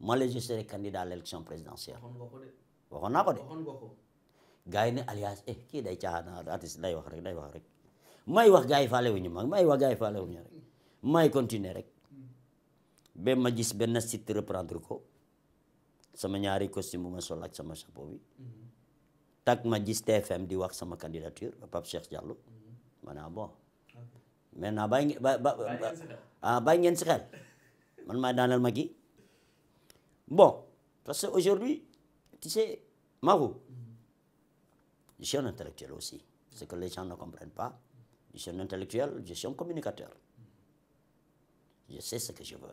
man la je serai candidat à l' élection waxoon naa ko de. gars alias eh kii day caaxaan artiste day wax rek day wax rek may wax gars yi faale wu ñu mag may wax gars yi faale ñu rek may continuer rek ba ma gis benn site reprendre ko sama ñaari costume bu ma sol ak sama chapeau bi tak ma gis TFM di wax sama candidature Pape Cheikh Diallo ma ne bon maintenant bàyyi ngeen ba ba ah bàyyi ngeen si man maa daaneel ma Bon, parce que tu sais, Mahou, je suis un intellectuel aussi. Ce que les gens ne comprennent pas, je suis un intellectuel, je suis un communicateur. Je sais ce que je veux.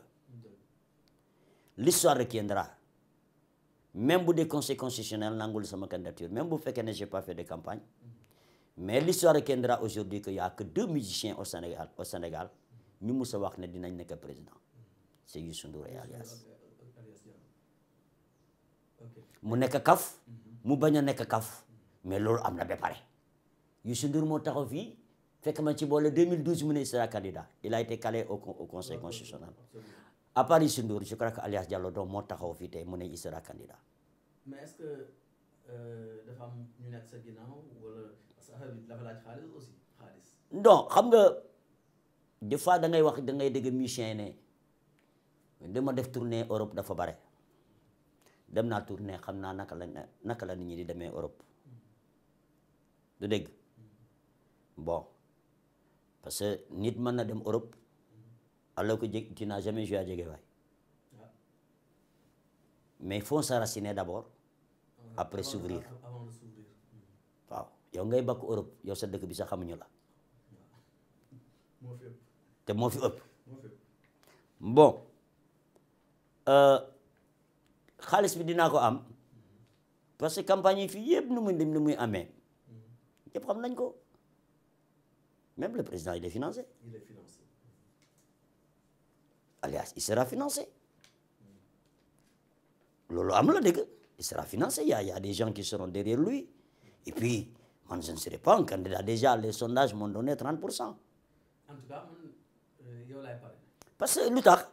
L'histoire retiendra. Même bu dee conseil constitutionnel nangul sama candidature même bu fekkee ne j'ai pas fait de campagne mais l'histoire retiendra aujourd'hui que y a que deux musiciens au Sénégal au Sénégal ñu mus a wax ne dinañ nekk président c'est Youssou Ndour et Alias mu nekk kaf mu bañ a nekk kaf mais loolu am na ba pare Youssou Ndour moo taxaw fii fekk ma ci boole 2012 mu ne sera candidat il a été calé au conseil constitutionnel à part Youssou Ndour je crois Alias Diallo doom moo taxaw fii tey mu ne il sera candidat. mais est que euh, dafa am parce que aussi xaalis. xam nga des fois da wax da ngay dégg musicien ne dama def tournée Europe dafa bare. dem naa tournée xam naa naka la naka la nit ñi di demee Europe du dégg bon parce que nit mën na dem Europe alors que je tu n'as jamais joué à Guédiawaye mais il faut s'enraciner d'abord après s'ouvrir hmm. waaw yow ngay bakk Europe yow sa dëkk bi sax xamuñu la te moo fi bon. Euh, xaalis bi dinaa ko am parce que campagne yi fii yëpp nu muy dem muy amee yëpp xam nañ ko même le président il est financé. il est financé. alias il sera financé loolu am la dëgg il sera financé y a y a des gens qui seront derrière lui et puis man je ne pas un candidat déjà les sondages m'ont donné 30 pour cent. en euh, lu tax.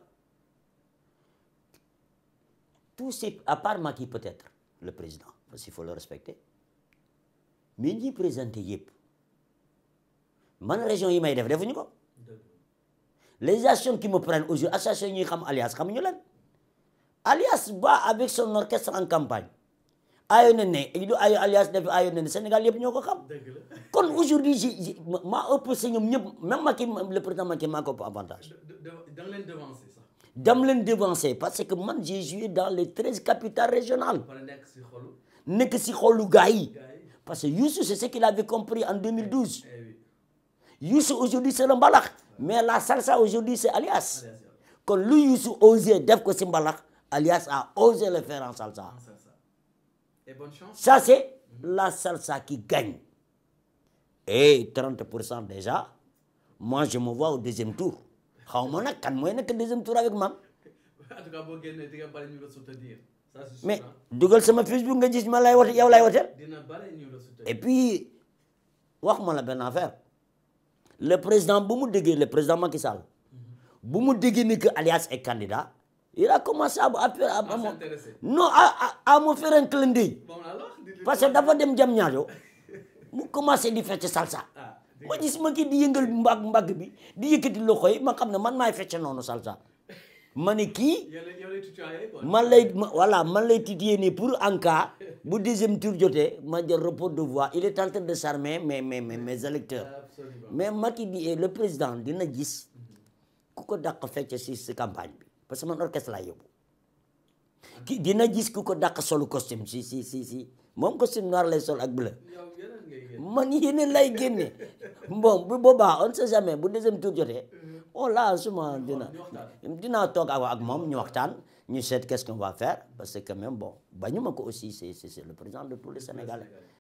tous ces à part Macky peut-être le président parce qu'il faut le respecter mais ñi présenté yëpp man région yi may def defuñu ko les actions qui me prennent aujourd'hui association ñuy xam alias xamuñu lan alias ba avec son orchestre en campagne ayo ne ne du ayo alias def ayo ne ne Sénégal yëpp ñoo ko xam kon aujourd'hui ma maa ëpp si ñoom ñëpp le président Macky maa avantage dam leen devancer parce que man j'ai joué dans les treize capitales régionales nekk si xolu gars yi parce que Youssou c'est ce qu'il avait compris en 2012 eh, eh Youssou aujourd'hui c'est le mbalax mais la salsa aujourd'hui c'est alias kon lu Youssou osé def ko si mbalax alias a osé le faire en salsa ça c'est la salsa qui gagne et 30 pour cent déjà moi je me vois au deuxième tour xaw ma nag kan mooy nekk deuxième tour avec maam. mais dugal sama Facebook nga gis ma lay wote yow lay woteel. dina bari ñu la soutenir. et puis wax ma la benn affaire le président bu mu déggee le président Macky Sall mhm. bu mu déggee ni que Alliance est candidat. il a commencé à à à non à parce que dafa dem jam ñaajo mu commencé di fecc salsa. Ah. ma gis ma kii di yëngal mbagg mbagg bi di yëkkati loxo yi ma xam na man maay fecce noonu salsa ma ne kii man lay voilà man lay titiyee nii pour en cas bu deuxième tour jotee ma jël report de voix il est de charmer mais mais mais mes électeurs mais Macky bi le président dina gis ku ko dàq fecce si si campagne bi parce que man orchestre laa yóbbu ki dina gis ku ko dàq solu costume si si si si costume noir lay sol ak bleu man yeneen lay génne bon bu boobaa on sait jamais bu deuxième tour jotee oh là suma dina dinaa toog ak moom ñu waxtaan ñu seet qu'est-ce qu'on va faire parce que quand même bon bañu ma ko aussi c'est c'est le président de tous les Sénégalais